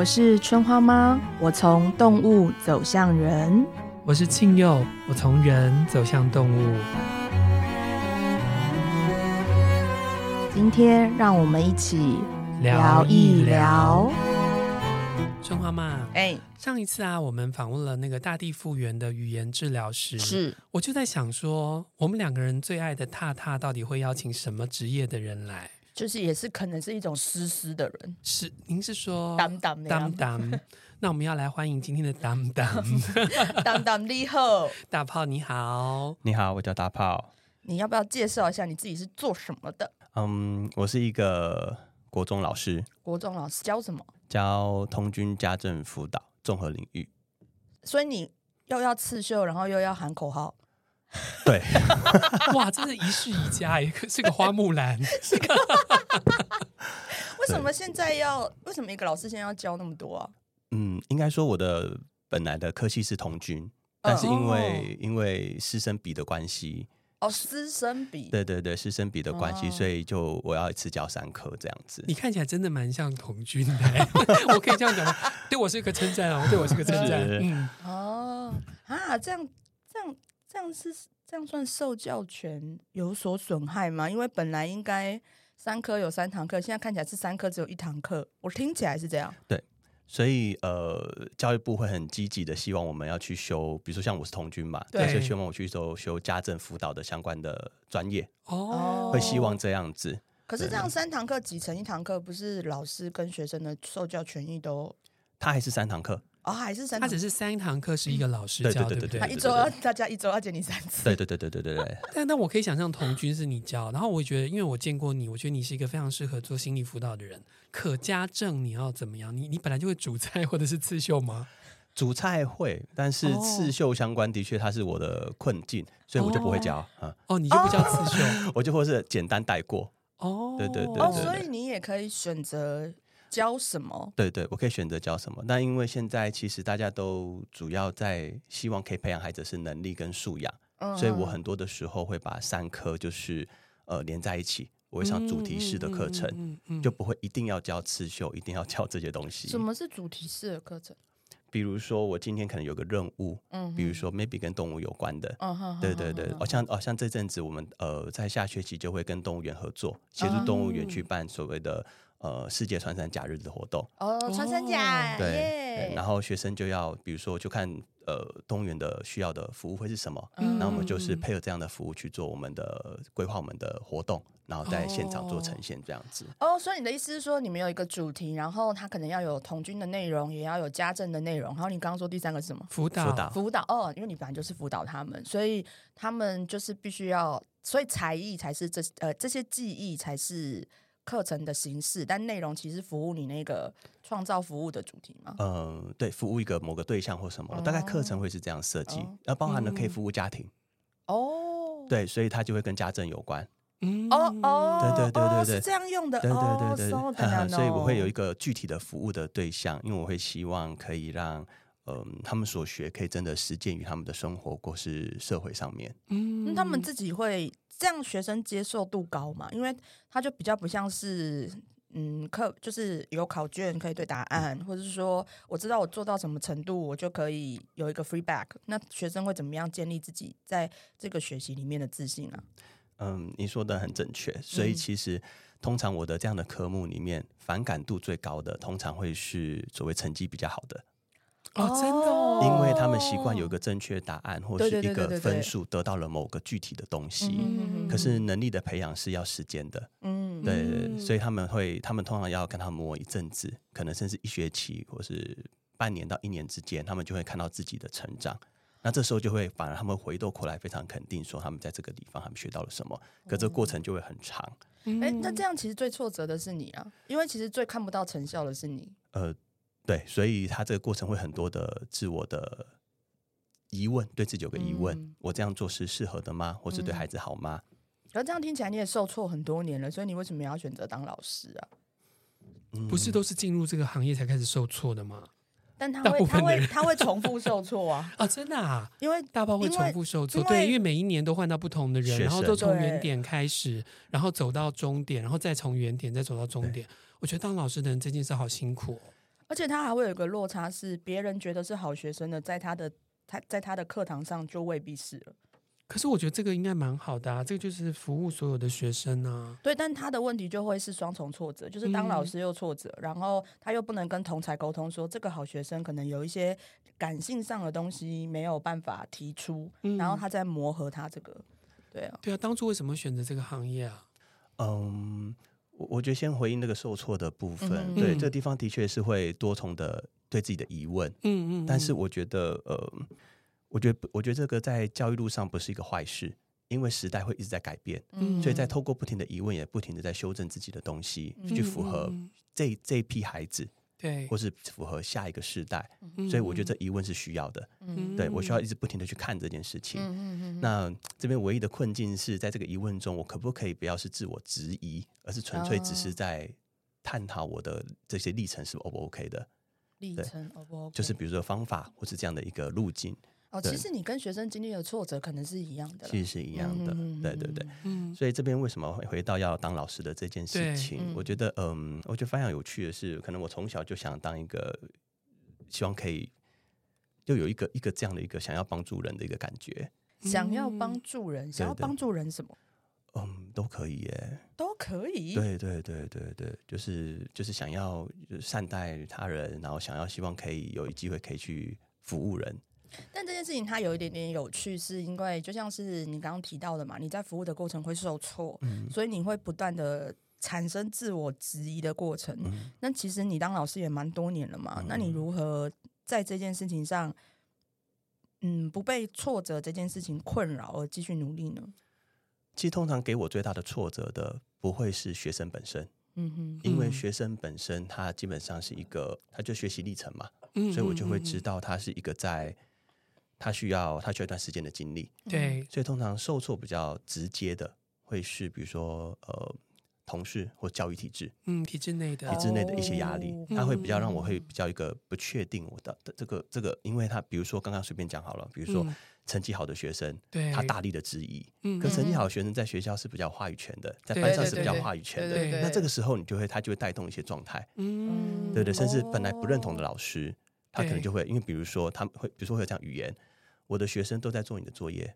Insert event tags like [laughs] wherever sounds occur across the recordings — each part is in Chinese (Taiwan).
我是春花媽，我從動物走向人；我是慶佑，我從人走向動物。今天讓我們一起聊一聊，一聊，一聊春花媽。哎、欸，上一次啊，我們訪問了那個大地復原的語言治療師，是，我就在想說，我們兩個人最愛的獺獺，到底會邀請什麼職業的人來？就是也是可能是一種獺獺的人，是您是說獺獺獺獺。那我們要來歡迎今天的獺獺獺獺，你好大炮，你好，你好，我叫大炮。你要不要介紹一下你自己是做什麼的？嗯，我是一個國中老師。國中老師教什麼？教童軍、家政、輔導、綜合領域。所以你又要刺繡，然後又要喊口號？對， [laughs] 哇，真是一世一家哎，是個花木蘭。 [laughs] 是個 [laughs] 為什麼現在要？為什麼一個老師現在要教那麼多啊？嗯，應該說我的本來的科系是童軍，但是因為、哦、因為師生比的關係，哦，師生比，對對對，師生比的關係、哦，所以就我要一次教三科這樣子。你看起來真的蠻像童軍的， [laughs] 我可以這樣講嗎、？ [laughs] 喔，對我是一個稱讚哦，對我是個稱讚，嗯，哦啊，這樣這樣。這樣是這樣算受教權有所損害嗎？因為本來應該三科有三堂課，現在看起來是三科只有一堂課。我聽起來是這樣。對，對所以呃，教育部會很積極的希望我們要去修，比如說像我是童軍嘛對，就希望我去修，修家政輔導的相關的專業。哦，會希望這樣子。可是這樣三堂課擠成一堂課，不是老師跟學生的受教權益都？他還是三堂課。哦，還是三，他只是三堂課是一個老師教，嗯、對不對，對，對，對，對，對，對，對，對、啊？一週要，大家一週要見你三次。對對對對對對，對，對 [laughs] 但那我可以想象童軍是你教，然後我覺得，因為我見過你，我覺得你是一個非常適合做心理輔導的人。可家政你要怎麼樣？你你本來就會煮菜或者是刺繡嗎？煮菜會，但是刺繡相關的確，它是我的困境，所以我就不會教、哦、啊。哦，你就不教刺繡，哦、 [laughs] 我就或是簡單帶過。哦，對對對，對。哦，所以你也可以選擇。教什麼？對對，我可以選擇教什麼。那因為現在其實大家都主要在希望可以培養孩子是能力跟素養，嗯、所以，我很多的時候會把三科就是呃連在一起，我會上主題式的課程，嗯嗯嗯嗯嗯，就不會一定要教刺繡，一定要教這些東西。什麼是主題式的課程？比如說，我今天可能有個任務，嗯，比如說 maybe 跟動物有關的，嗯、對，對對對。好、嗯哦、像哦像這陣子，我們呃在下學期就會跟動物園合作，協助動物園去辦所謂的、嗯。呃，世界穿山甲日子的活動哦，穿山甲對，耶對，然後學生就要，比如說，就看呃，東園的需要的服務會是什麼，那、嗯、我們就是配合這樣的服務去做我們的規劃，我們的活動，然後在現場做呈現這樣子。哦，哦所以你的意思是說，你們有一個主題，然後他可能要有童軍的內容，也要有家政的內容，然後你剛剛說第三個是什麼？輔導，輔導哦，因為你本來就是輔導他們，所以他們就是必須要，所以才藝才是這呃這些技藝才是。課程的形式，但內容其實服務你那個創造服務的主題嘛。嗯、呃，對，服務一個某個對象或什麼，嗯、大概課程會是這樣設計，那、嗯、包含了可以服務家庭哦、嗯，對，所以它就會跟家政有關，嗯哦哦，對對對對對，是這樣用的，對對對對，對、嗯，所以我會有一個具體的服務的對象，因為我會希望可以讓。嗯，他們所學可以真的實踐於他們的生活或是社會上面。嗯，那、嗯、他們自己會這樣，學生接受度高嘛？因為他就比較不像是嗯課，就是有考卷可以對答案，嗯、或者是說我知道我做到什麼程度，我就可以有一個 feedback。那學生會怎麼樣建立自己在這個學習裡面的自信啊？嗯，你說的很正確。所以其實、嗯、通常我的這樣的科目裡面，反感度最高的，通常會是所謂成績比較好的。哦，真的、哦，因為他們習慣有一個正確答案，或是一個分數，得到了某個具體的東西。對對對對對對。可是能力的培養是要時間的。嗯，對，嗯、所以他們會，他們通常要跟他磨一陣子，可能甚至一學期或是半年到一年之間，他們就會看到自己的成長。那這時候就會，反而他們回過頭來非常肯定說，他們在這個地方他們學到了什麼。可這個過程就會很長。那、嗯嗯、這樣其實最挫折的是你啊，因為其實最看不到成效的是你。呃。對，所以他這個過程會很多的自我的疑問，對自己有個疑問：嗯、我這樣做是適合的嗎？或是對孩子好嗎？然後、嗯、這樣聽起來你也受挫很多年了，所以你為什麼要選擇當老師啊？嗯、不是都是進入這個行業才開始受挫的嗎？但他會，他會，他會，他會重複受挫啊！啊、 [laughs] 哦，真的啊！因為大炮會重複受挫，對，因為每一年都換到不同的人，然後都從原點開始，然後走到終點，然後再從原點再走到終點。我覺得當老師的人這件事好辛苦、哦。而且他還會有一個落差，是別人覺得是好學生的，在他的他在他的課堂上就未必是了。可是我覺得這個應該蠻好的啊，這個就是服務所有的學生啊。對，但他的問題就會是雙重挫折，就是當老師又挫折，嗯、然後他又不能跟同儕溝通說，說這個好學生可能有一些感性上的東西沒有辦法提出、嗯，然後他在磨合他這個。對啊，對啊，當初為什麼選擇這個行業啊？嗯。我我覺得先回應那個受挫的部分，嗯嗯對，這個地方的確是會多重的對自己的疑問，嗯嗯，嗯，但是我覺得呃，我覺得我覺得這個在教育路上不是一個壞事，因為時代會一直在改變，嗯，所以在透過不停的疑問，也不停的在修正自己的東西，嗯嗯去，去符合這嗯嗯這批孩子。對，或是符合下一個時代、嗯，所以我覺得這疑問是需要的。嗯、對，我需要一直不停的去看這件事情。嗯、那這邊唯一的困境是在這個疑問中，我可不可以不要是自我質疑，而是純粹只是在探討我的這些歷程是 O 不 OK 的歷程 O、哦、不 OK，就是比如說方法或是這樣的一個路徑。哦，其實你跟學生經歷的挫折可能是一樣的，其實是一樣的、嗯，對對對。嗯，所以這邊為什麼會回到要當老師的這件事情？我覺得，嗯，我覺得非常有趣的是，可能我從小就想當一個，希望可以就有一個一個這樣的一個想要幫助人的一個感覺，嗯、想要幫助人對對，想要幫助人什麼？嗯，都可以耶，都可以。對對對對對，就是就是想要善待他人，然後想要希望可以有一機會可以去服務人。但這件事情它有一點點有趣，是因為就像是你剛剛提到的嘛，你在服務的過程會受挫，嗯、所以你會不斷的產生自我質疑的過程、嗯。那其實你當老師也蠻多年了嘛、嗯，那你如何在這件事情上，嗯，不被挫折這件事情困擾而繼續努力呢？其實通常給我最大的挫折的不會是學生本身，嗯哼，因為學生本身他基本上是一個，他就學習歷程嘛，嗯嗯嗯嗯，所以我就會知道他是一個在。他需要他需要一段時間的精力，對，所以通常受挫比較直接的會是，比如說呃，同事或教育體制，嗯，體制內的體制內的一些壓力、哦，他會比較讓我會比較一個不確定我的,、嗯、的這個這個，因為他比如說剛剛隨便講好了，比如說、嗯、成績好的學生，他大力的質疑，可、嗯、成績好的學生在學校是比較話語權的，在班上是比較話語權的，對對對對那這個時候你就會他就會帶動一些狀態，嗯、對對，甚至本來不認同的老師，嗯、他可能就會,、哦、他可能就會因為比如說他們會比如說會有這樣語言。我的學生都在做你的作業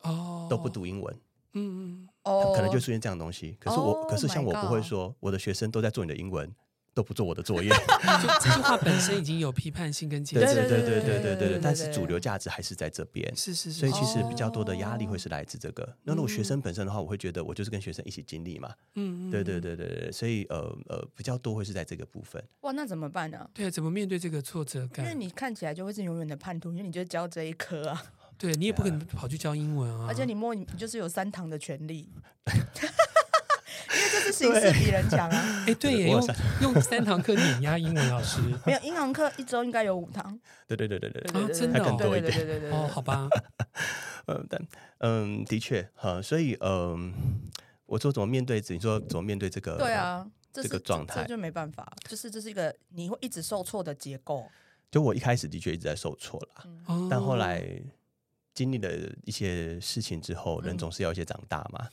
，oh, 都不讀英文，嗯嗯，他可能就出現這樣的東西。Oh, 可是我，可是像我不會說，oh，我的學生都在做你的英文。都不做我的作業， [laughs] [laughs] 這句話本身已經有批判性跟尖銳。對對對對對對對,對,對,對,對,對對對對。但是主流價值還是在這邊。是是,這對對對對是,是是所以其實比較多的壓力會是來自這個、哦。那如果學生本身的話，我會覺得我就是跟學生一起經歷嘛。嗯對、嗯、對對對對。所以呃呃，比較多會是在這個部分。哇，那怎麼辦呢、啊？對，怎麼面對這個挫折感？因為你看起來就會是永遠的叛徒，因為你就教這一科啊。對，你也不可能跑去教英文啊。而且你摸，你就是有三堂的權利。形勢比人強啊！哎，對，欸、對，用三用三堂課碾壓英文老師。 [laughs] 沒有，英文課一堂課一週應該有五堂。對對對對對對、哦，真的、哦、多對對對對對，對，對，對哦，好吧。呃、 [laughs] 嗯，對，嗯，的確，呃，所以，嗯，我說怎麼面對，你說怎麼面對這個？ [laughs] 對啊，這、這個狀態就沒辦法，就是這是一個你會一直受挫的結構。就我一開始的確一直在受挫啦、嗯，但後來經歷了一些事情之後，嗯、人總是要一些長大嘛。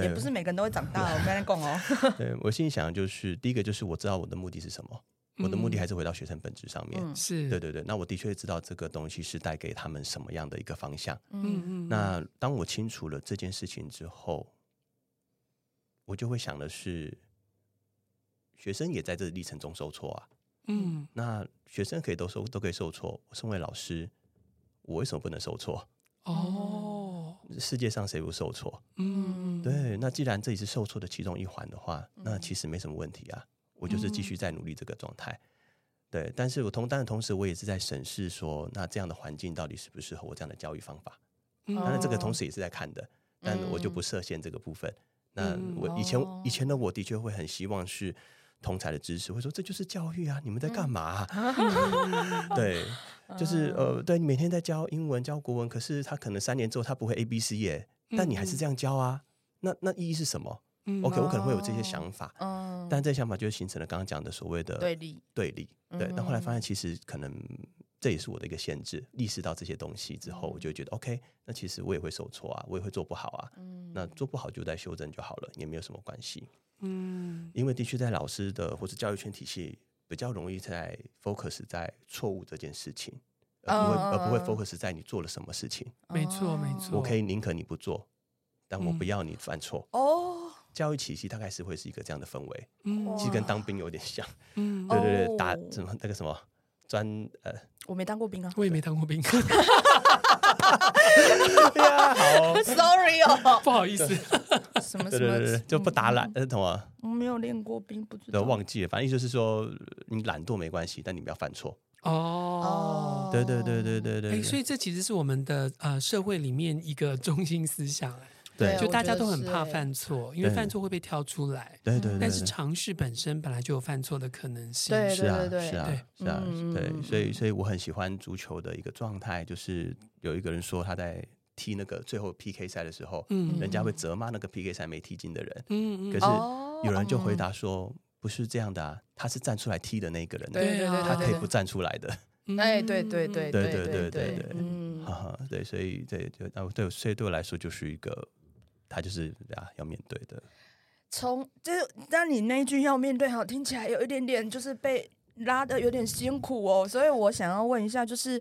也不是每個人都會長大的， [laughs] 我跟你講哦。 [laughs] 對，我心裡想的就是，第一個就是我知道我的目的是什麼，嗯、我的目的還是回到學生本質上面。是、嗯、對對對，那我的確知道這個東西是帶給他們什麼樣的一個方向。嗯嗯。那當我清楚了這件事情之後，我就會想的是，學生也在這歷程中受挫啊。嗯。那學生可以都受，都可以受挫。我身為老師，我為什麼不能受挫？哦。世界上誰不受挫？嗯，對。那既然這裡是受挫的其中一環的話，那其實沒什麼問題啊。我就是繼續在努力這個狀態、嗯。對，但是我同，但同時，我也是在審視說，那這樣的環境到底適不適合我這樣的教育方法？當、嗯、然這個同時也是在看的，但我就不設限這個部分。嗯、那我以前以前的我的確會很希望是。通才的知識會說這就是教育啊，你們在幹嘛、啊？嗯、 [laughs] [laughs] 對，就是呃，對你每天在教英文、教國文，可是他可能三年之後他不會 A B C 耶、嗯，但你還是這樣教啊？那那意義是什麼、嗯、？OK，我可能會有這些想法，嗯、但這些想法就是形成了剛剛講的所謂的對立，對立。對，嗯、後來發現其實可能這也是我的一個限制。意識到這些東西之後，我就覺得、嗯、OK，那其實我也會受挫啊，我也會做不好啊、嗯。那做不好就再修正就好了，也沒有什麼關係。嗯，因為的確在老師的或者教育圈體系比較容易在 focus 在錯誤這件事情，啊而，不會啊、而不會 focus 在你做了什麼事情。啊、沒錯沒錯，我可以寧可你不做，但我不要你犯錯。嗯、哦，教育體系大概是會是一個這樣的氛圍，嗯、其實跟當兵有點像。嗯，對對對，哦、打什麼那個什麼專呃，我沒當過兵啊，我也沒當過兵。 [laughs] [laughs] 好哦，sorry 哦， [laughs] 不好意思。什，麼什麼對什對，對，對，就不打懶，懂、嗯、嗎？我、嗯嗯、沒有練過兵，不知道。忘記了，反正意思是說，你懶惰沒關係，但你不要犯錯哦。哦，對對對對對對，對，對，對、欸。所以這其實是我們的呃社會裡面一個中心思想。對，就大家都很怕犯錯，因為犯錯會被挑出來。對對，對，對，對，對對。但是嘗試本身本來就有犯錯的可能性。是啊，對，對，對，對是啊，是啊，對是啊，是啊嗯嗯嗯，對。所以，所以我很喜歡足球的一個狀態，就是有一個人說他在。踢那個最後 PK 賽的時候，嗯，嗯，人家會責罵那個 PK 賽沒踢進的人，嗯嗯，可是有人就回答說、哦、不是這樣的啊，嗯、他是站出來踢的那個人，對對對，他可以不站出來的，哎、啊嗯，嗯、對，對對對對對對對對，哈、嗯、哈， [laughs] 嗯、 [laughs] 對，所以對對，那對，所以對我來說就是一個，他就是啊要面對的。從就是，但你那一句要面對，好，聽起來有一點點就是被拉的有點辛苦哦，嗯、所以我想要問一下，就是。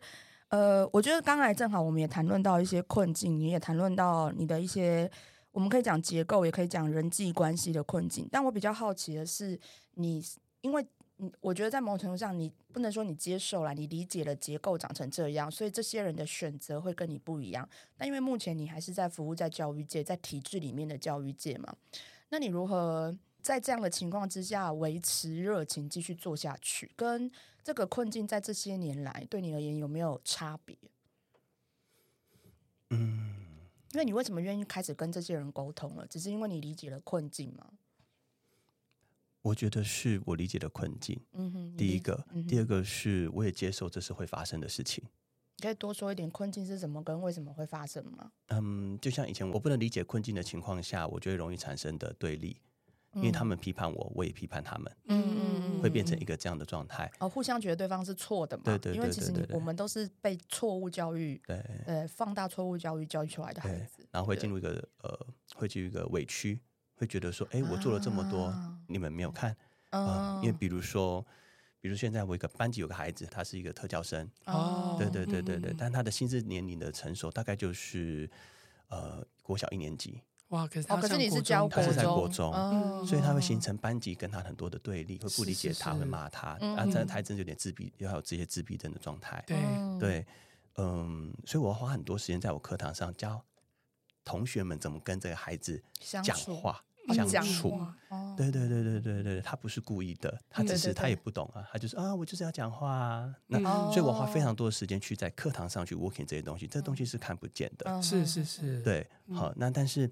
呃，我覺得剛才正好我們也談論到一些困境，你也，也談論到你的一些，我們可以講結構，也可以講人際關係的困境。但我比較好奇的是，你，因為我覺得在某種程度上你，你不能說你接受了，你理解了結構長成這樣，所以這些人的選擇會跟你不一樣。但因為目前你還是在服務在教育界，在體制裡面的教育界嘛，那你如何？在這樣的情況之下，維持熱情繼續做下去，跟這個困境在這些年來對你而言有沒有差別？嗯，那你為什麼願意開始跟這些人溝通了？只是因為你理解了困境嗎？我覺得是我理解的困境。嗯哼，第一個，嗯、第二個是我也接受這是會發生的事情。你可以多說一點困境是什麼跟為什麼會發生嗎？嗯，就像以前我不能理解困境的情況下，我覺得容易產生的對立。因為他們批判我、嗯，我也批判他們，嗯嗯嗯，會變成一個這樣的狀態，哦，互相覺得對方是錯的嘛，對對對，因為其實我們都是被錯誤教育，對，呃，放大錯誤教育教育出來的孩子，然後會進入一個呃，會進入一個委屈，會覺得說，哎，我做了這麼多，啊、你們沒有看，嗯、呃。因為比如說，比如現在我一個班級有個孩子，他是一個特教生，哦，對對對對對、嗯嗯，但他的心智年齡的成熟大概就是，呃，國小一年級。哇！可是他，哦、可是你是教國中，他是在國中、嗯，所以他會形成班級跟他很多的對立，嗯，他會，他對立嗯、會不理解他，是是是會罵他、嗯。啊，真的，他真有點自閉，有這些自閉症的狀態、嗯。對、嗯、對，嗯，所以我花很多時間在我課堂上教同學們怎麼跟這個孩子講話相處。對、啊、對對對對對，他不是故意的，嗯、他只是對對對他也不懂啊，他就是啊，我就是要講話、啊嗯。那、嗯、所以，我花非常多的時間去在課堂上去 working 這、嗯、這些東西，這些東西是看不見的。嗯、是是是，對、嗯嗯。好，那但是。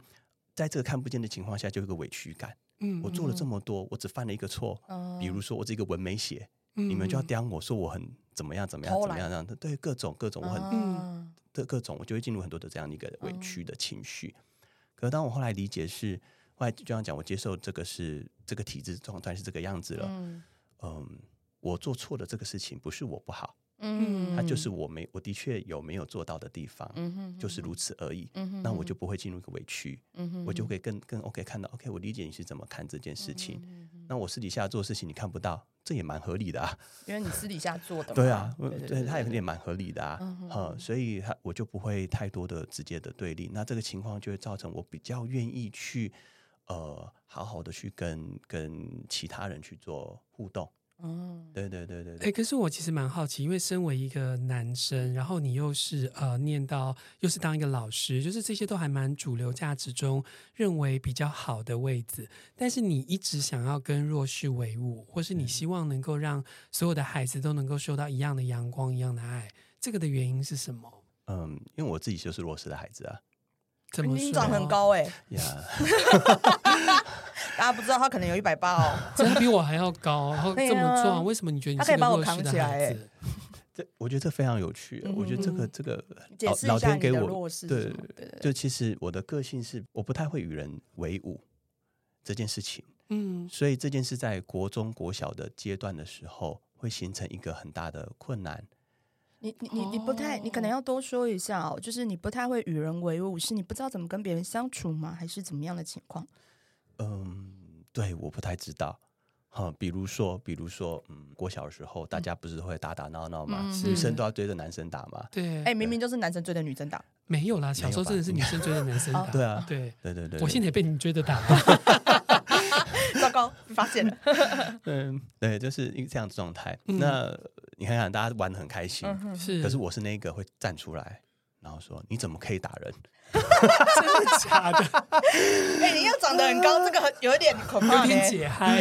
在這個看不見的情況下，就有個委屈感。嗯，我做了這麼多，我只犯了一個錯。嗯，比如說我這個文沒寫，嗯，你們就要刁我說我很怎麼樣怎麼樣怎麼樣這樣，對各種各種我很，各種，我、嗯、各種我就會進入很多的這樣一個委屈的情緒、嗯。可是當我後來理解是，後來就像講，我接受這個是這個體制狀態是這個樣子了。嗯，嗯我做錯了這個事情，不是我不好。嗯，他就是我沒我的確有沒有做到的地方，嗯哼、哼，就是如此而已，嗯哼、哼，那我就不會進入一個委屈，嗯哼、哼，我就會更更 OK 看到，OK，我理解你是怎麼看這件事情，嗯哼、哼，那我私底下做的事情你看不到，這也蠻合理的啊，因為你私底下做的， [laughs] 對啊，對、對、對、對、對，他也也蠻合理的啊，嗯哼、哼，所以他我就不會太多的直接的對立，那這個情況就會造成我比較願意去，呃，好好的去跟跟其他人去做互動。哦、嗯，對對對對，對。哎、欸，可是我其實蠻好奇，因為身為一個男生，然後你又是呃念到，又是當一個老師，就是這些都還蠻主流價值中認為比較好的位置。但是你一直想要跟弱勢為伍，或是你希望能夠讓所有的孩子都能夠受到一樣的陽光、一樣的愛，這個的原因是什麼？嗯，因為我自己就是弱勢的孩子啊，怎麼肯定長很高哎、欸。 [laughs] Yeah . [laughs] 啊！不知道他可能有一百八哦，真 [laughs] 的比我還要高，哦 [laughs] 啊，這麼壯，為什麼你覺得你是弱勢的孩子？他可以把我扛起來欸， [laughs] 這我覺得這非常有趣，啊嗯嗯。我覺得這個這個老，老天給我對對，對對。就其實我的個性是我不太會與人為伍這件事情。嗯，嗯，所以這件事在國中國小的階段的時候，會形成一個很大的困難。你你你你不太，哦，你可能要多說一下哦。就是你不太會與人為伍，是你不知道怎麼跟別人相處嗎？還是怎麼樣的情況？嗯，對，我不太知道。哈、嗯，比如說，比如說，嗯，我小時候大家不是會打打鬧鬧嘛、嗯，女生都要追着男生打嘛。對，哎，明明就是男生追着女生打。沒有啦，小時候真的是女生追着男生打。哦、對啊、哦，對，對，對，對。我現在也被你追着打、啊。 [laughs] [laughs] 糟糕，發現了。嗯， [laughs] 對，就是這樣子的狀態。那、嗯、你看，看，看大家玩得很開心、嗯，可是我是那個會站出來。然後說，你怎麼可以打人？ [laughs] 真的假的？哎、 [laughs] 欸，你又長得很高， [laughs] 這個很有一點恐怖，有點解嗨，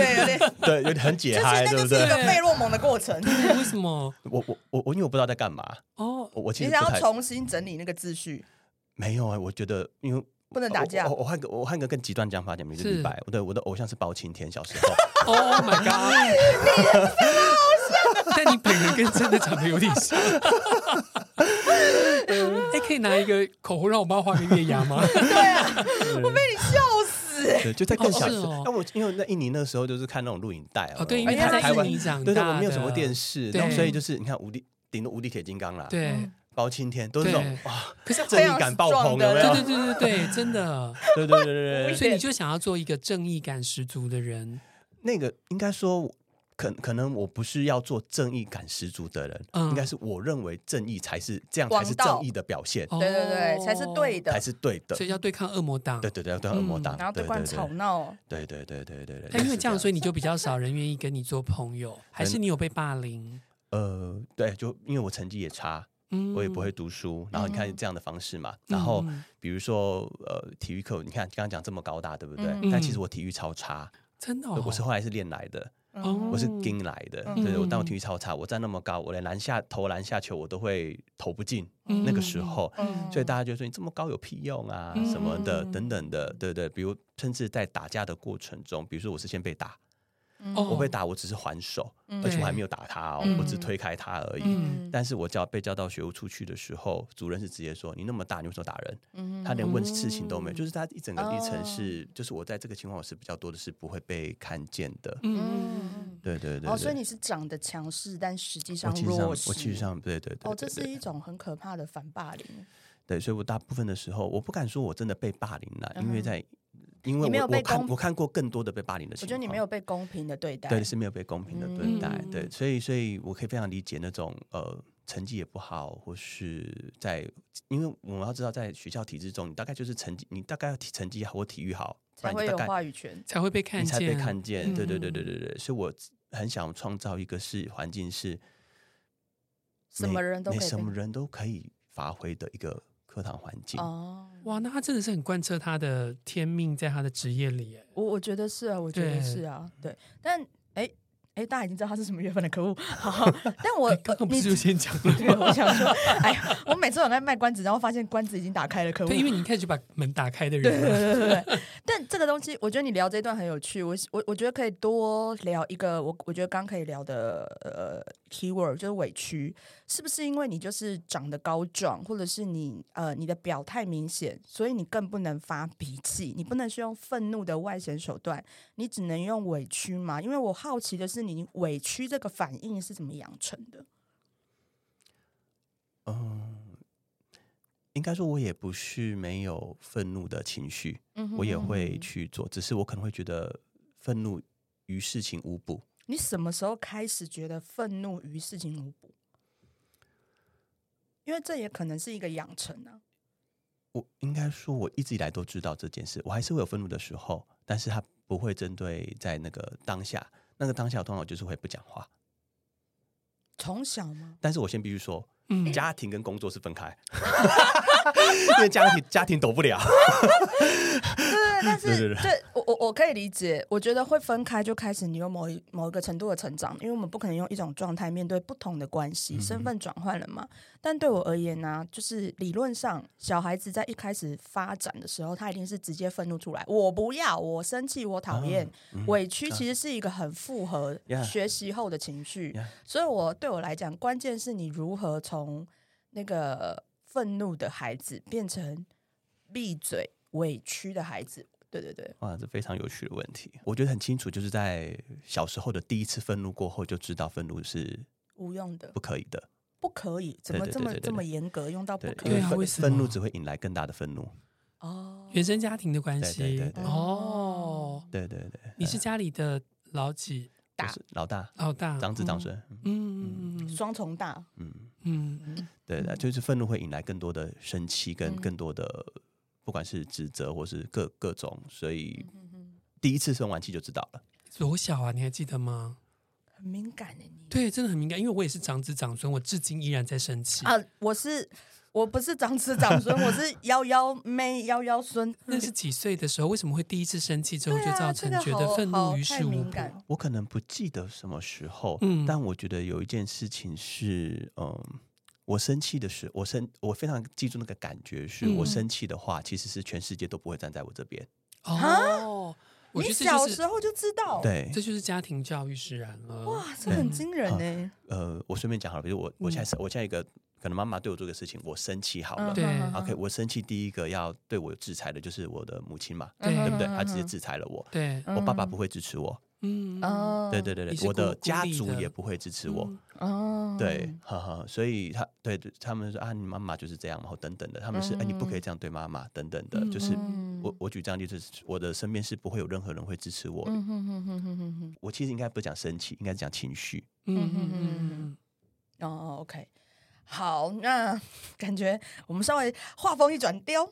對，有點很解嗨，對不對？一個被洛蒙的過程。為什麼？我我我我因為我不知道在幹嘛哦我。我其實你想要重新整理那個秩序。沒有哎，我覺得因為不能打架、啊。我換個我換個更極端講法講，名字李白，我的我的偶像是包青天，小時候。 [laughs] Oh my god！你真的好像， [laughs] [laughs] [laughs] 但你本人跟真的長得有點像。 [laughs] [laughs] [laughs] 可以拿一個口紅讓我媽畫個月牙嗎？ [laughs] 對啊，我被你笑死。欸。對，就在更小時，那，哦哦，我因為那印尼那時候就是看那種錄影帶哦，對，因為他在台灣對，長大，對，我沒有什麼電視，對對，那所以就是你看無敵頂多無敵鐵金剛啦，對，嗯，包青天都是那種啊，正義感爆棚的，對對對對對，真的， [laughs] 對，對，對對對對，所以你就想要做一個正義感十足的人。那個應該說。可可能我不是要做正義感十足的人，嗯、應該是我認為正義才是這樣才是正義的表現。對對對，才是對的，才是對的。所以要對抗惡魔黨。對對對，要對抗惡魔黨，然、嗯、後對抗吵鬧。嗯、對，對，對對對對對對。但因為這樣，、就是這樣，所以你就比較少人願意跟你做朋友，還是你有被霸凌？嗯、呃，對，就因為我成績也差，我也不會讀書，嗯、然後你看這樣的方式嘛。嗯、然後比如說呃，體育課，你看剛剛講這麼高大，對不對？嗯、但其實我體育超差，真的、哦，我是後來是練來的。哦、我是丁來的，對我但我體育超差、嗯，我站那麼高，我連籃下投籃下球我都會投不進、嗯，那個時候，所以大家就說你這麼高有屁用啊、嗯、什麼的等等的，對不對？比如甚至在打架的過程中，比如說我是先被打。我被打，我只是還手、嗯，而且我還沒有打他哦，嗯、我只推開他而已。嗯、但是我叫被叫到學務處去的時候，嗯、主任是直接說：“你那麼大，你為什麼打人、嗯？”他連問事情都沒有，嗯、就是他一整個歷程是、哦，就是我在這個情況我是比較多的是不會被看見的。嗯、對，對，對對對。哦，所以你是長得強勢，但實際上弱勢。我其實上，我其實上對對對，對，對、哦。這是一種很可怕的反霸凌。對，所以我大部分的時候，我不敢說我真的被霸凌了，因為在。嗯因為我，我看我看過更多的被霸凌的情況。我覺得你沒有被公平的對待，對，是沒有被公平的對待，嗯、對，所以，所以我可以非常理解那種呃，成績也不好，或是在，因為我們要知道，在學校體制中，你大概就是成績，你大概成績好或體育好，才會有話語權，才會被看見，你才被看見。對，對，對，對，對，對，對，對，對，對，所以我很想創造一個是環境，是，什麼，什麼人都可以發揮的一個。課堂環境哦，oh. 哇，那他真的是很貫徹他的天命在他的職業裡，我我覺得是啊，我覺得是啊，對。對但哎哎、欸欸，大家已經知道，他是什麼月份的客戶，可不？好，但我你 [laughs] 先講了 [laughs] 對，我想說，哎，呀，我每次我在賣關子，然後發現關子已經打開了客戶，可不？因為你一開始就把門打開的人了，對、對、對、對、對。 [laughs] 但這個東西，我覺得你聊這一段很有趣，我我我覺得可以多聊一個，我我覺得剛可以聊的呃 keyword 就是委屈。是不是因為你就是長得高壯，或者是你呃你的表態明顯，所以你更不能發脾氣，你不能用憤怒的外顯手段，你只能用委屈嘛？因為我好奇的是，你委屈這個反應是怎麼養成的？嗯，應該說我也不是沒有憤怒的情緒、嗯哼哼哼，我也會去做，只是我可能會覺得憤怒於事情無補。你什麼時候開始覺得憤怒於事情無補？因為這也可能是一個養成呢、啊。我應該說，我一直以來都知道這件事，我還是會有憤怒的時候，但是他不會針對在那個當下，那個當下通常就是會不講話。從小嗎？但是我先必須說、嗯，家庭跟工作是分開， [laughs] [laughs] 因為家庭家庭躲不了。 [laughs] 但，但是， [laughs] 對，對，對我我我可以理解，我覺得會分開就開始，你有某一某一個程度的成長，因為我們不可能用一種狀態面對不同的關係，嗯嗯，身份轉換了嘛。但對我而言呢、啊，就是理論上，小孩子在一開始發展的時候，他一定是直接憤怒出來，我不要，我生氣，我討厭，哦、委屈，其實是一個很複合學習後的情緒。嗯、所以我，我對我來講，關鍵是你如何從那個憤怒的孩子變成閉嘴。委屈的孩子，對對對，哇，這非常有趣的問題。我覺得很清楚，就是在小時候的第一次憤怒過後，就知道憤怒是無用的、不可以的，的、不可以。怎麼這麼對對對對對這麼嚴格，用到不可以？因為，啊、為什麼憤怒只會引來更大的憤怒。哦，原生家庭的關係，對對對，哦，對對對。你是家裡的老幾？大、就是、老大，老大，長子長孫。嗯，雙、嗯嗯、重大。嗯嗯嗯，嗯，對的、啊，就是憤怒會引來更多的生氣，跟更多的、嗯。嗯不管是指責或是各各種，所以第一次生完氣就知道了。羅小啊，你還記得嗎？很敏感的、欸、你，對，真的很敏感。因為我也是長子長孫，我至今依然在生氣啊。我是我不是長子長孫， [laughs] 我是幺幺妹幺幺孫。那 [laughs] 是幾歲的時候？為什麼會第一次生氣之後就造成覺得憤怒於事無補？啊、我可能不記得什麼時候，嗯，但我覺得有一件事情是，嗯。我生氣的是，我生我非常記住那個感覺是、嗯，我生氣的話，其實是全世界都不會站在我這邊。哦，啊我就是、你小時候就知道，對，這就是家庭教育使然了。哇，這很驚人呢、嗯嗯啊。呃，我順便講好了，比如我我現在是、嗯，我現在一個可能媽媽對我做的事情，我生氣好了，對、嗯、，OK，、嗯、我生氣第一個要對我制裁的就是我的母親嘛、嗯，對不對？她、嗯嗯、直接制裁了我，對、嗯、我爸爸不會支持我。嗯，對對對對，對，我的家族也不會支持我哦、嗯。對，哈、嗯、哈，所以他對他們說啊，你媽媽就是這樣，然後等等的，他們是哎、嗯嗯，你不可以這樣對媽媽，等等的，嗯嗯就是我我舉這樣例子，就是我的身邊是不會有任何人會支持我的。的、嗯。我其實應該不講生氣，應該講情緒。嗯嗯嗯嗯，哦、oh，OK。好，那感覺我們稍微畫風一轉掉。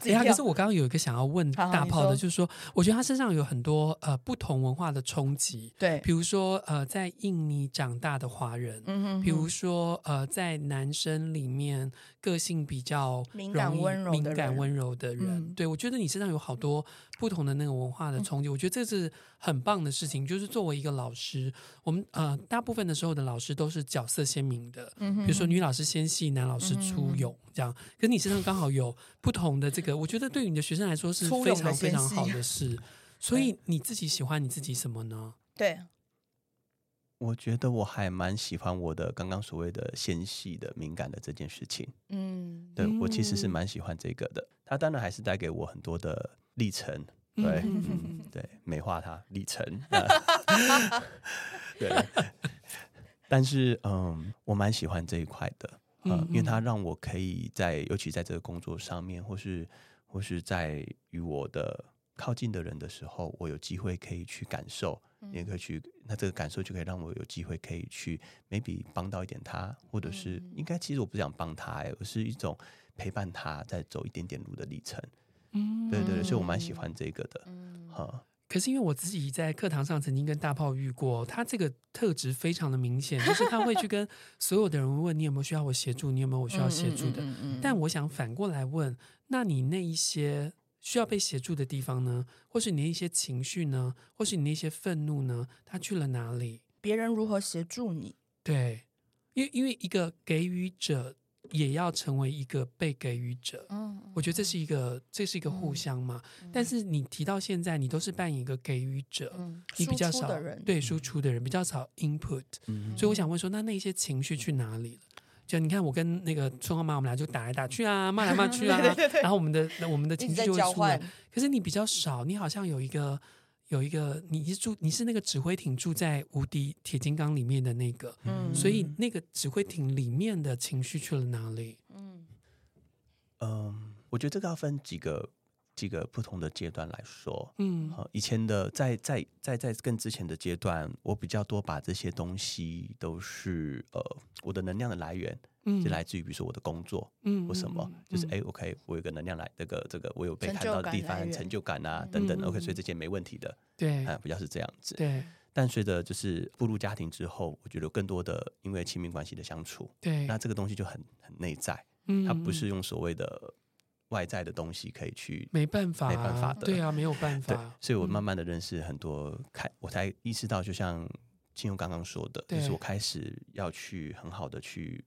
其實、欸啊、可是我剛剛有一個想要問大炮的，好好就是說，我覺得他身上有很多呃不同文化的衝擊，對，比如說呃在印尼長大的華人，嗯哼哼，比如說呃在男生裡面個性比較容易敏感溫柔敏感溫柔的人，的人嗯、對我覺得你身上有好多。不同的那個文化的衝擊，我覺得這是很棒的事情。就是作為一個老師，我們呃大部分的時候的老師都是角色鮮明的，比如說女老師纖細，男老師粗勇這樣。可是你身上剛好有不同的這個，我覺得對於你的學生來說是非常非常好的事。所以你自己喜歡你自己什麼呢？對，對我覺得我還蠻喜歡我的剛剛所謂的纖細的、敏感的這件事情。嗯，對我其實是蠻喜歡這個的。他當然還是帶給我很多的。歷程，對對，美化它歷程。對，嗯、對 [laughs] [laughs] 對對對 [laughs] 但是嗯，我蠻喜歡這一塊的嗯，嗯，嗯，因為它讓我可以在，尤其在這個工作上面，或是或是，在與我的靠近的人的時候，我有機會可以去感受、嗯，也可以去，那這個感受就可以讓我有機會可以去，maybe 幫到一點他，或者是、嗯、應該其實我不想幫他、欸，而是一種陪伴他在走一點點路的歷程。嗯，對對對，所以我蠻喜歡這個的。好、嗯嗯嗯，可是因為我自己在課堂上曾經跟大炮遇過，他這個特質非常的明顯，就是他會去跟所有的人問 [laughs] 你有沒有需要我協助，你有沒有我需要協助的、嗯嗯嗯嗯嗯。但我想反過來問，那你那一些需要被協助的地方呢？或是你的一些情緒呢？或是你那一些憤怒呢？他去了哪裡？別人如何協助你？對，因為因為一個給予者也要成為一個被給予者、嗯，我覺得這是一個，這是一個互相嘛、嗯。但是你提到現在，你都是扮演一個給予者，嗯、你比較少對輸出的人,輸出的人比較少 input、嗯。所以我想問說，那那些情緒去哪裡了？就你看，我跟那個春花媽，我們倆就打來打去啊，罵來罵去啊， [laughs] 對對對對，然後我們的 [laughs] 我們的情緒 [laughs] 就會出來。可是你比較少，你好像有一個。有一個，你是住，你是那個指揮艇住在無敵鐵金剛裡面的那個，嗯，所以那個指揮艇裡面的情緒去了哪裡？嗯，嗯，我覺得這個要分幾個幾個不同的階段來說，嗯，好、呃，以前的在，在在在在更之前的階段，我比較多把這些東西都是呃我的能量的來源。嗯、就來自於比如說我的工作，或、嗯、什麼，嗯、就是哎、嗯欸、，OK，我有個能量來，這個這個，我有被看到的地方，成就感，成就感啊等等，OK，所以這些沒問題的、嗯嗯嗯嗯，對，比較是這樣子。對，但隨着就是步入家庭之後，我覺得更多的因為親密關係的相處，對，那這個東西就很很內在，嗯，它不是用所謂的外在的東西可以去，沒辦法、啊，沒辦法的，對啊，沒有辦法、啊對。所以我慢慢的認識很多，開、嗯，我才意識到，就像慶祐剛剛說的，就是我開始要去很好的去。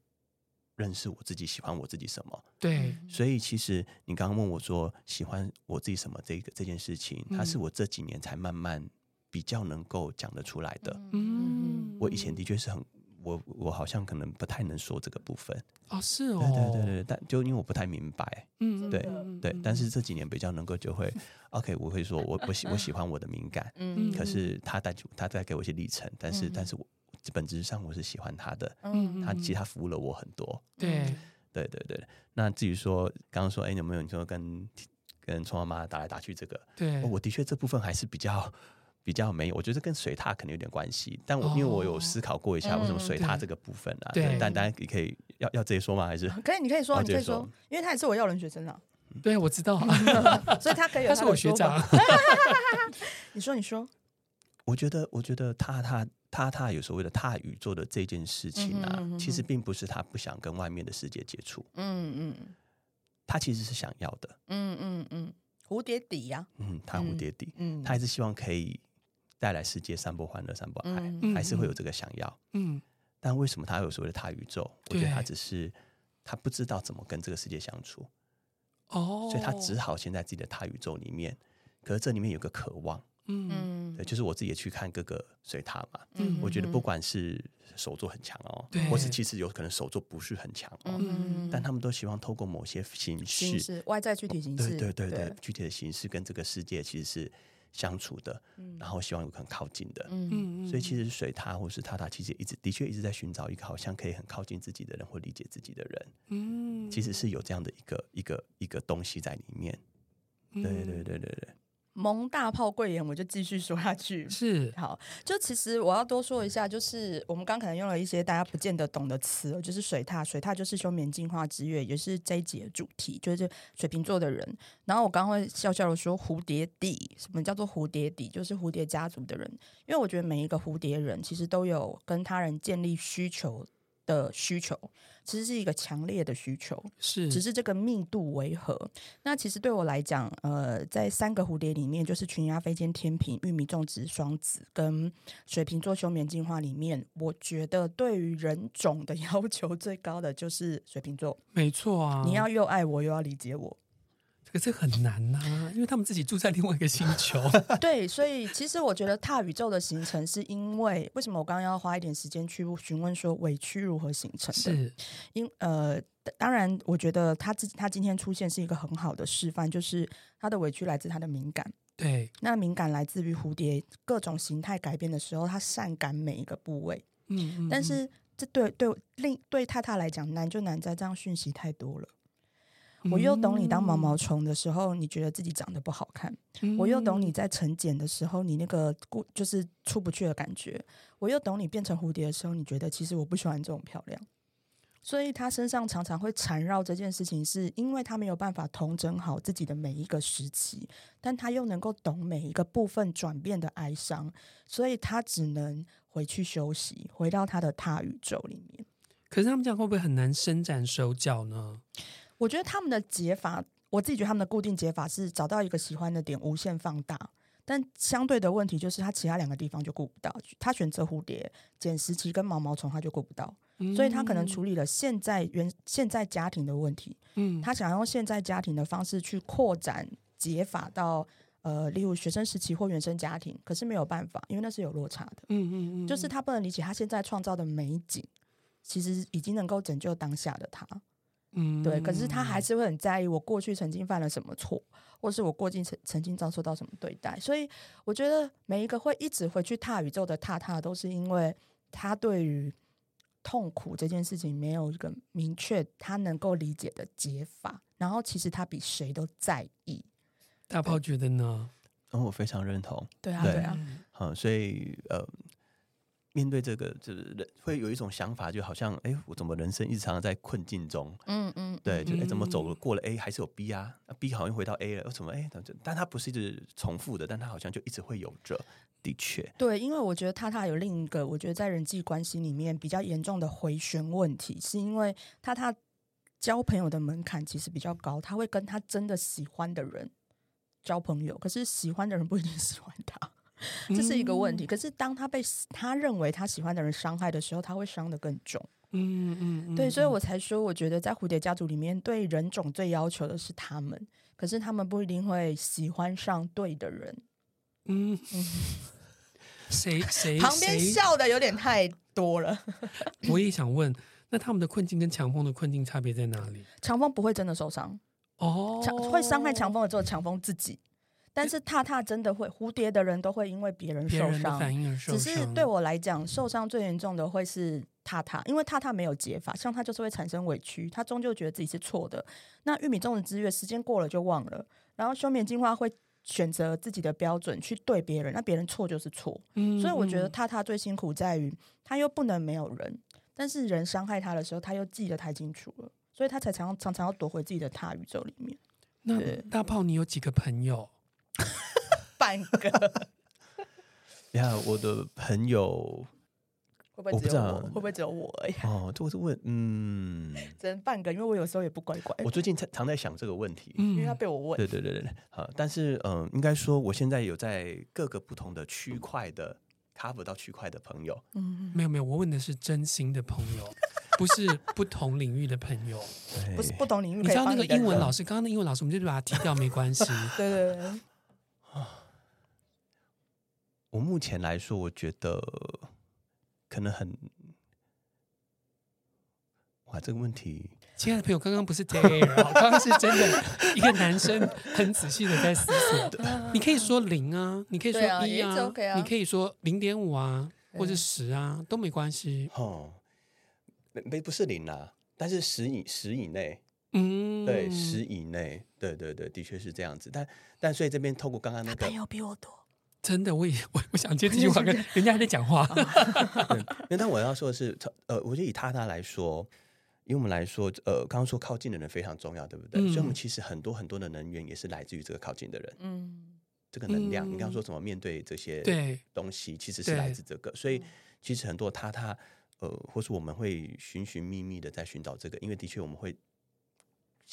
認識我自己，喜歡我自己什麼？對，所以其實你剛剛問我說喜歡我自己什麼這個這件事情，它是我這幾年才慢慢比較能夠講得出來的。嗯，我以前的確是很我我好像可能不太能說這個部分啊、哦，是哦，對對對對，但就因為我不太明白，嗯，對對，但是這幾年比較能夠就會 [laughs] ，OK，我會說我我喜我喜歡我的敏感，嗯，可是他帶就他在給我一些歷程，但是、嗯、但是我。本質上我是喜歡他的，嗯嗯嗯，他其實他服務了我很多。對，對，對，對。那至於說剛剛說，哎、欸，有沒有你說跟跟聰媽媽打來打去這個？對，哦、我的確這部分還是比較比較沒有。我覺得跟水獺可能有點關係，但我、哦、因為我有思考過一下為什麼水獺這個部分啊。嗯、對，但但你可以要要直接說嗎？還是可以你可以說、說，你可以說，因為他也是我要人學生啊。嗯、對，我知道， [laughs] [laughs] 所以他可以他、他是我學長。 [laughs] 你說，你說。我覺得，我覺得他他他他有所謂的獺宇宙的這件事情啊、嗯哼哼哼，其實並不是他不想跟外面的世界接觸，嗯嗯，他其實是想要的，嗯嗯嗯，蝴蝶底呀、啊，嗯，他蝴蝶底，嗯，他還是希望可以帶來世界，散播歡樂，散播愛、嗯，還是會有這個想要，嗯，但為什麼他有所謂的獺宇宙、嗯？我覺得他只是他不知道怎麼跟這個世界相處，哦，所以他只好先在自己的獺宇宙裡面、哦，可是這裡面有個渴望。嗯，對，就是我自己也去看各個，獺獺嘛。嗯，我覺得不管是手座很強哦，對，或是其實有可能手座不是很強哦，嗯，但他們都希望透過某些形式，是外在具體形式，對對對對，對，具體的形式跟這個世界其實是相處的，嗯，然後希望有可能靠近的，嗯，所以其實獺獺或是獺獺其實一直的確一直在尋找一個好像可以很靠近自己的人或理解自己的人，嗯，其實是有這樣的一個一個一個東西在裡面，嗯，對對對對對。蒙大炮貴言，我就繼續說下去。是，好，就其實我要多說一下，就是我們剛可能用了一些大家不見得懂的詞，就是水獺，水獺就是休眠淨化之月，也是這一集的主題，就是水瓶座的人。然後我剛剛會笑笑的說蝴蝶底，什麼叫做蝴蝶底？就是蝴蝶家族的人，因為我覺得每一個蝴蝶人其實都有跟他人建立需求。的需求其實是一個強烈的需求，是只是這個密度為何？那其實對我來講，呃，在三個蝴蝶裡面，就是群鴉飛間天秤、玉米種植子、雙子跟水瓶座休眠淨化裡面，我覺得對於人種的要求最高的就是水瓶座。沒錯啊，你要又愛我又要理解我。可是很難吶、啊，因為他們自己住在另外一個星球。 [laughs] [laughs] 對，所以其實我覺得獺宇宙的形成是因為為什麼我剛剛要花一點時間去詢問說委屈如何形成的？是，因呃，當然我覺得他自他今天出現是一個很好的示範，就是他的委屈來自他的敏感。對，那敏感來自於蝴蝶各種形態改變的時候，他善感每一個部位。嗯，嗯，但是這對對另對，對，對獺獺來講難就難在這樣訊息太多了。我又懂你當毛毛蟲的時候，嗯，你覺得自己長得不好看；嗯、我又懂你在成繭的時候，你那個固就是出不去的感覺；我又懂你變成蝴蝶的時候，你覺得其實我不喜歡這種漂亮。所以，他身上常常會纏繞這件事情，是因為他沒有辦法統整好自己的每一個時期，但他又能夠懂每一個部分轉變的哀傷，所以他只能回去休息，回到他的獺宇宙裡面。可是他們這樣會不會很難伸展手腳呢？我覺得他們的解法，我自己覺得他們的固定解法是找到一個喜歡的點無限放大，但相對的問題就是他其他兩個地方就顧不到，他選擇蝴蝶、繭時期跟毛毛蟲，他就顧不到，所以他可能處理了現在原現在家庭的問題。嗯，他想要用現在家庭的方式去擴展解法到呃，例如學生時期或原生家庭，可是沒有辦法，因為那是有落差的。嗯嗯嗯，就是他不能理解他現在創造的美景，其實已經能夠拯救當下的他。嗯，對。可是他還是會很在意我過去曾經犯了什麼錯，或是我過去曾曾經遭受到什麼對待。所以我覺得每一個會一直回去獺宇宙的獺獺，都是因為他對於痛苦這件事情沒有一個明確他能夠理解的解法。然後其實他比誰都在意。大砲覺得呢？嗯、哦，我非常認同。對啊，對啊、嗯。好，所以呃。面對這個，就是會有一種想法，就好像，哎、欸，我怎麼人生一直常常在困境中？嗯嗯，對，就哎、欸，怎麼走過了 A 還是有 B 啊？B 好像回到 A 了，為什麼哎、欸？但他不是一直重複的，但他好像就一直會有着，的確，對，因為我覺得獺獺有另一個，我覺得在人際關係裡面比較嚴重的回旋問題，是因為獺獺交朋友的門檻其實比較高，他會跟他真的喜歡的人交朋友，可是喜歡的人不一定喜歡他。這是一個問題。嗯、可是當他被他認為他喜歡的人傷害的時候，他會傷得更重。嗯嗯，嗯，對，所以我才說，我覺得在蝴蝶家族裡面，對人種最要求的是他們，可是他們不一定會喜歡上對的人。嗯嗯，誰誰 [laughs] 旁邊笑得有點太多了。 [laughs] 我也想問，那他們的困境跟強風的困境差別在哪裡？強風不會真的受傷哦，強，會傷害強風的只有強風自己。但是獺獺真的會蝴蝶的人都會因為別人受傷，受傷只是對我來講受傷最嚴重的會是獺獺，因為獺獺沒有解法，像他就是會產生委屈，他終究覺得自己是錯的。那玉米種植之月時間過了就忘了，然後休眠淨化會選擇自己的標準去對別人，那別人錯就是錯。嗯、所以我覺得獺獺最辛苦在於他又不能沒有人，但是人傷害他的時候，他又記得太清楚了，所以他才常常常要躲回自己的獺宇宙裡面。對，那大炮，你有幾個朋友？一個呀，我的朋友會不會只有我？我不知道會不會只有我而已？ [laughs] 哦，這我就問，嗯，只能半個，因為我有時候也不乖乖。我最近常常在想這個問題，嗯，因為他被我問。對對對對，好，但是嗯、呃，應該說我現在有在各個不同的區塊的 cover、嗯、到區塊的朋友，嗯，沒有沒有，我問的是真心的朋友， [laughs] 不是不同領域的朋友， [laughs] 對，不是不同領域。你知道你那個英文老師、嗯，剛剛那英文老師，我們就把他踢掉，沒關係。 [laughs] 對對對。我目前來說，我覺得可能很哇這個問題。親愛的朋友，剛剛不是 AI， [laughs] 剛剛是真的一個男生很仔細的在思索的。 [laughs] 你可以說零啊， [laughs] 啊、啊，你可以說一啊，你可以說零點五啊，或是十啊，都沒關係。哦，沒不是零啦，啊，但是十以十以內，嗯，對，十以內，對對對，的確是這樣子。但但所以這邊透過剛剛那個他朋友比我多。真的，我也我也不想接這句話，跟人家還在講話。那 [laughs] [laughs] 但我要說的是，呃，我覺得以他他來說，因為我們來說，呃，剛剛說靠近的人非常重要，對不對？嗯、所以，我們其實很多很多的能源也是來自於這個靠近的人，嗯，這個能量。嗯、你剛剛說怎麼面對這些東西，對其實是來自這個。所以，其實很多他他，呃，或是我們會尋尋覓覓的在尋找這個，因為的確我們會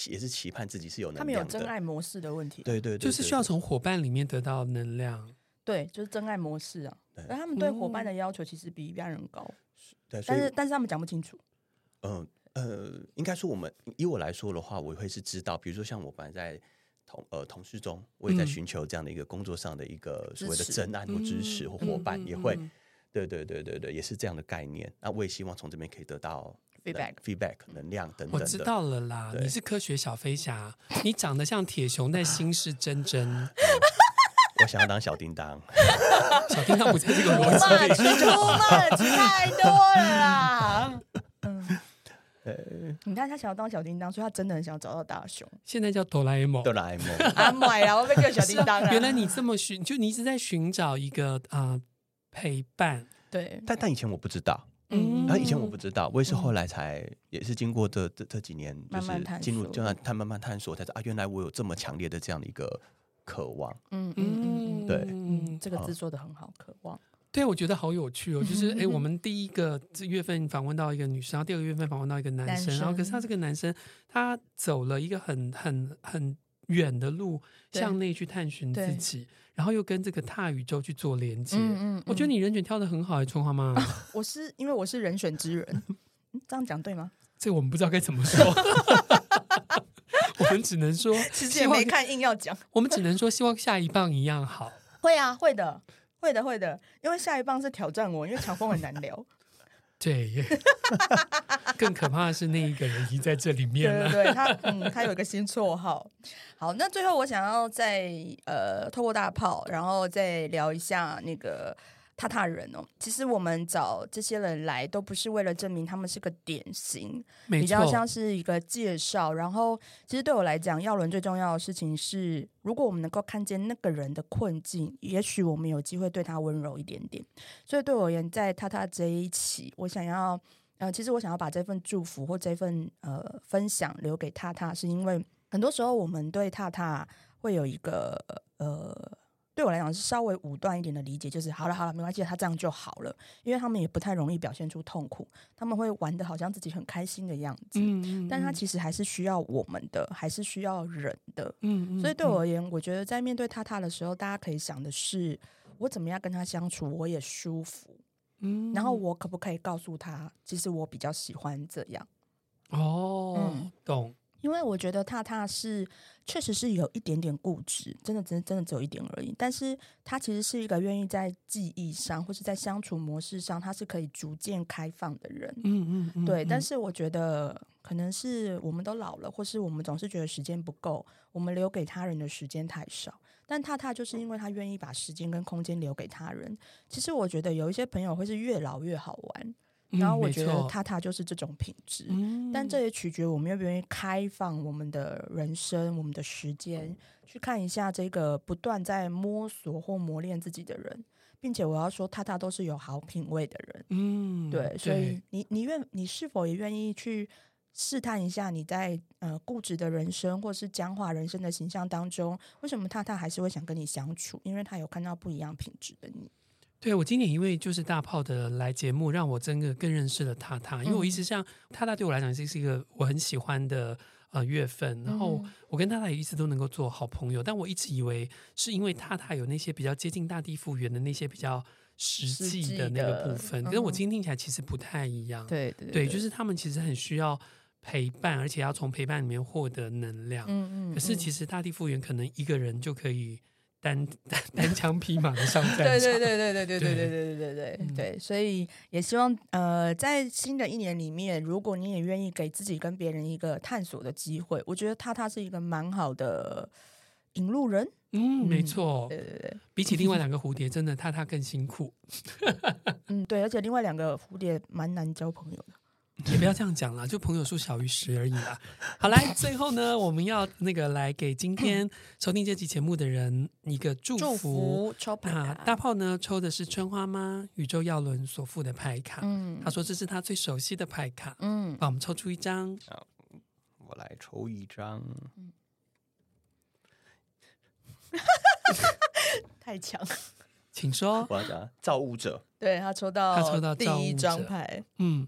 也是期盼自己是有能量的，他們有真愛模式的問題，對對，對，對對，就是需要從夥伴裡面得到能量。對，就是真愛模式啊！那他們對夥伴的要求其實比一般人高，嗯、但是，但是他們講不清楚。嗯、呃，呃，應該說我們以我來說的話，我會是知道。比如說，像我本來在同呃同事中，我也在尋求這樣的一個工作上的一個所謂的真愛或支持或伙伴，嗯嗯嗯、也會對對對對，對也是這樣的概念。那我也希望從這邊可以得到 feedback feedback 能量等等。我知道了啦，你是科學小飛俠，你長得像鐵熊，但心是真真。 [laughs] 嗯 [laughs] 我想要當小叮當， [laughs] 小叮當不在這個邏輯裡。出賣太多了啦 [laughs] 嗯，嗯，你看他想要當小叮當，所以他真的很想要找到大雄。現在叫哆啦 A 夢，哆啦 A 夢， [laughs] 啊買啦！我被叫小叮當，啊。原來你這麼尋，就你一直在尋找一個啊、呃、陪伴，對。但但以前我不知道，嗯，啊，以前我不知道，嗯，我也是後來才，也是經過這這，嗯，這幾年，就是進入，就他慢慢探索，他說啊，原來我有這麼強烈的這樣的一個。渴望，嗯嗯嗯，對，嗯，這個字做的很好。渴、嗯、望，對，我覺得好有趣哦。就是，哎，我們第一個月份訪問到一個女生，然後第二個月份訪問到一個男生，男生，然後可是他這個男生，他走了一個很很很遠的路，向內去探尋自己，然後又跟這個獺宇宙去做連接。嗯嗯，我覺得你人選挑的很好，哎、嗯，春花媽，我是因為我是人選之人， [laughs] 這樣講對嗎？這我們不知道該怎麼說。 [laughs] [laughs] 我們只能說，其實也沒看，硬要講。 [laughs] 我們只能說，希望下一棒一樣好 [laughs] 。會啊，會的，會的，會的，因為下一棒是挑戰我，因為強風很難聊 [laughs] 。對， [laughs] 更可怕的是那一個人已經在這裡面了。對，對，他，嗯，他有一個新綽號。 [laughs] 好，那最後我想要再呃，透過大炮，然後再聊一下那個。獺獺人哦，其實我們找這些人來都不是為了證明他們是個典型，比較像是一個介紹。然後，其實對我來講，藥輪最重要的事情是，如果我們能夠看見那個人的困境，也許我們有機會對他溫柔一點點。所以對我而言，在獺獺這一期，我想要，呃，其實我想要把這份祝福或這份呃分享留給獺獺，是因為很多時候我們對獺獺會有一個呃。對我來講是稍微武斷一點的理解，就是好了好了，沒關係，他這樣就好了，因為他們也不太容易表現出痛苦，他們會玩得好像自己很開心的樣子。嗯，嗯，嗯，但他其實還是需要我們的，還是需要人的。嗯，嗯，嗯，嗯，所以對我而言，我覺得在面對獺獺的時候，大家可以想的是，我怎麼樣跟他相處我也舒服，嗯，嗯，然後我可不可以告訴他，其實我比較喜歡這樣？哦，嗯、懂。因為我覺得獺獺是，確實是有一點點固執，真的，真的真的只有一點而已。但是他其實是一個願意在記憶上，或是在相處模式上，他是可以逐漸開放的人。嗯嗯嗯，嗯，對。但是我覺得，可能是我們都老了，或是我們總是覺得時間不夠，我們留給他人的時間太少。但獺獺就是因為他願意把時間跟空間留給他人。其實我覺得有一些朋友會是越老越好玩。然後我覺得獺獺就是這種品質，嗯，但這也取決於我們願不願意開放我們的人生，嗯、我們的時間，去看一下這個不斷在摸索或磨練自己的人，並且我要說獺獺都是有好品味的人，嗯，對，對，所以你你願你是否也願意去試探一下你在呃固執的人生或是僵化人生的形象當中，為什麼獺獺還是會想跟你相處，因為他有看到不一樣品質的你。對，我今年因為就是大砲的來節目，讓我真的更認識了獺獺。因為我一直像獺獺、嗯、對我來講，這是一個我很喜歡的呃月份。然後我跟獺獺也一直都能夠做好朋友，但我一直以為是因為獺獺有那些比較接近大地復原的那些比較實際的那個部分。可是我今天聽起來其實不太一樣。嗯、對對，對，就是他們其實很需要陪伴，而且要從陪伴裡面獲得能量。嗯嗯嗯、可是其實大地復原可能一個人就可以。單單，單槍匹馬的上戰場，對 [laughs] 對對對對對對對對對對對對。對嗯、所以也希望呃，在新的一年裡面，如果你也願意給自己跟別人一個探索的機會，我覺得獺獺是一個蠻好的引路人。嗯，沒錯、嗯。對對對，比起另外兩個蝴蝶，真的獺獺更辛苦。 [laughs] 嗯，對，而且另外兩個蝴蝶蠻難交朋友的。也不要這樣講了，就朋友數小於十而已啦、啊。好嘞，最後呢，我們要那個來給今天收聽 [coughs] 這期節目的人一個祝福。祝福抽牌卡，啊、大炮呢抽的是春花媽宇宙藥輪所附的牌卡。嗯，他說這是他最熟悉的牌卡。嗯，那我們抽出一張。我來抽一張。嗯 [laughs] 太強了，請說，我要講，造物者。對他抽到，他抽到,他抽到第一張牌。嗯。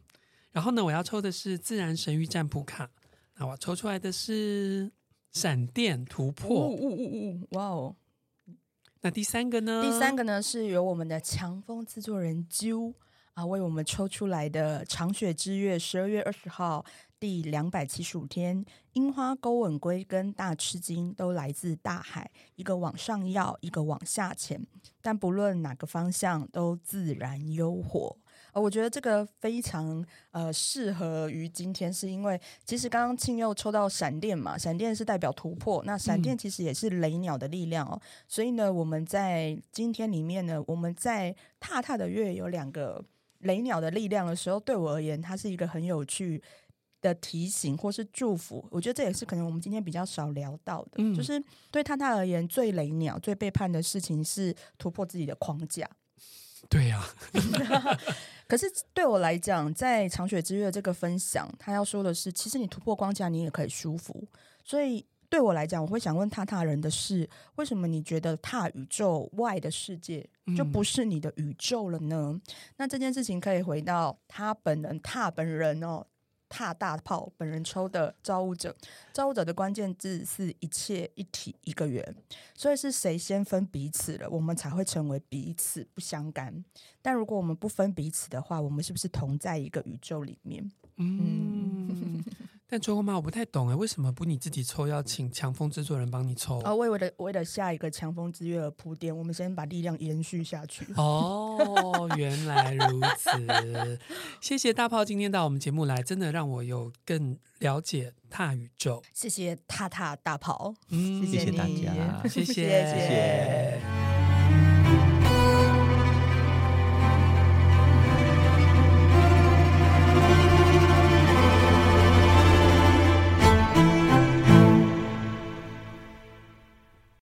然後呢，我要抽的是自然神諭占卜卡。那我抽出來的是閃電突破。嗚嗚嗚嗚！哇哦！那第三個呢？第三個呢，是由我們的強風制作人揪啊為我們抽出來的長雪之月十二月二十號第兩百七十五天，櫻花鉤吻鮭跟大翅鯨都來自大海，一個往上要，一個往下潛，但不論哪個方向，都自然幽活。哦、我覺得這個非常呃適合於今天，是因為其實剛剛慶祐抽到閃電嘛，閃電是代表突破，那閃電其實也是雷鳥的力量哦、嗯。所以呢，我們在今天裡面呢，我們在獺獺的月有兩個雷鳥的力量的時候，對我而言，它是一個很有趣的提醒或是祝福。我覺得這也是可能我們今天比較少聊到的，嗯、就是對獺獺而言，最雷鳥、最背叛的事情是突破自己的框架。對呀、啊 [laughs] 啊，可是對我來講，在長雪之月的這個分享，他要說的是，其實你突破光界，你也可以舒服。所以對我來講，我會想問獺獺人的事：為什麼你覺得獺宇宙外的世界就不是你的宇宙了呢？嗯、那這件事情可以回到他本人，獺本人哦。踏，大炮，本人抽的造物者，造物者的關鍵字是一切一體一個圓。所以是誰先分彼此了，我們才會成為彼此不相干。但如果我們不分彼此的話，我們是不是同在一個宇宙裡面？嗯。 [laughs] 但抽過嗎？我不太懂哎，為什麼不你自己抽？要請強風制作人幫你抽？啊、哦，我為了為了下一個強風之月而鋪墊，我們先把力量延續下去。哦，原來如此， [laughs] 謝謝大砲今天到我們節目來，真的讓我有更了解獺宇宙。謝謝獺獺大砲，嗯，謝謝，謝，謝大家，謝謝。謝謝謝謝。